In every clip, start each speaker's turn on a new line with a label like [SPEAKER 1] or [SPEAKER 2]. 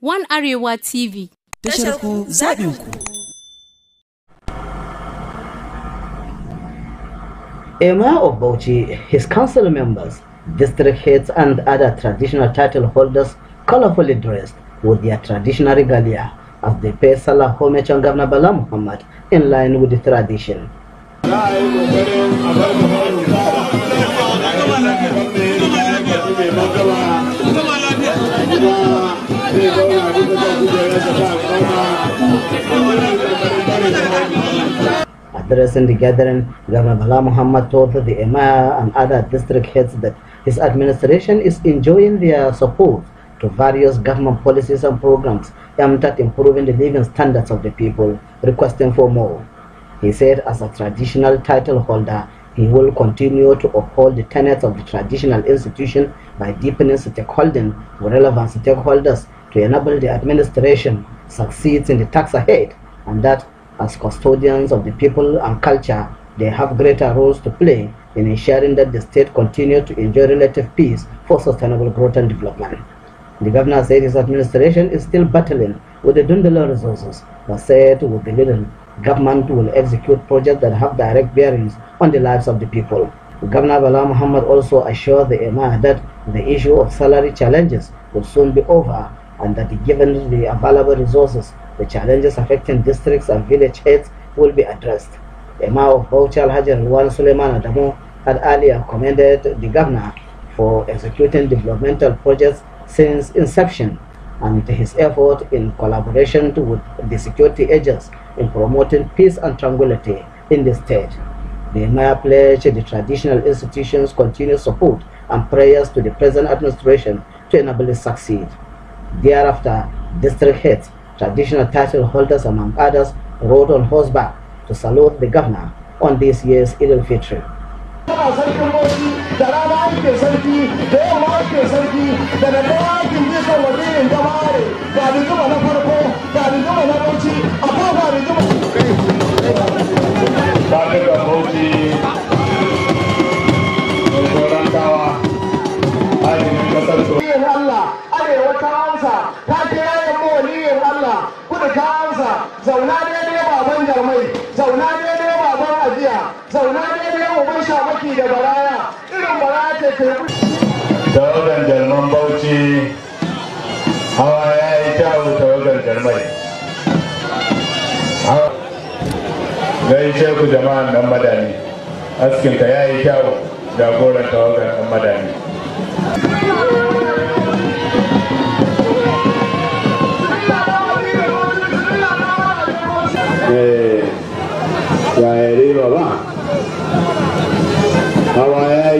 [SPEAKER 1] One Arewa TV. Tashar ku of Bauchi, his council members, district heads and other traditional title holders colorfully dressed with their traditional regalia as they pay Salah homage on Governor Bala Muhammad in line with the tradition. Addressing the gathering, Governor Bala Muhammad told the Emir and other district heads that his administration is enjoying their support to various government policies and programs aimed at improving the living standards of the people, requesting for more. He said as a traditional title holder, he will continue to uphold the tenets of the traditional institution by deepening stakeholding with relevant stakeholders to enable the administration succeeds in the tax ahead and that as custodians of the people and culture they have greater roles to play in ensuring that the state continues to enjoy relative peace for sustainable growth and development. The governor said his administration is still battling with the dwindling resources, but said with the little, government will execute projects that have direct bearings on the lives of the people. Governor Bala Muhammad also assured the Emir that the issue of salary challenges will soon be over and that given the available resources, the challenges affecting districts and village heads will be addressed. Emir of Bauchi Alhaji Ruwan Suleiman Adamu had earlier commended the governor for executing developmental projects since inception and his effort in collaboration with the security agents in promoting peace and tranquility in the state. The mayor pledged the traditional institutions continued support and prayers to the present administration to enable it succeed. Thereafter, district heads, traditional title holders among others, rode on horseback to salute the governor on this year's Idil Fitri. jihar ka amsa zauna daidai baban jarmai zauna daidai baban ajiya zauna daidai baban shamaki da baraya irin baraya ce ke tawagar jarman bauchi hawa ya yi kyawu tawagar jarmai gaishe ku jama'a dan madani askinka ya yi kyawu jagoran tawagan dan madani eh, bàbá àwọn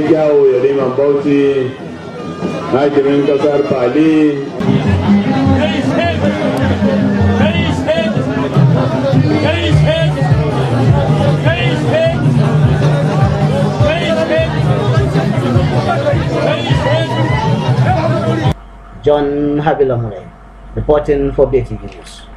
[SPEAKER 1] John reporting for Basic News.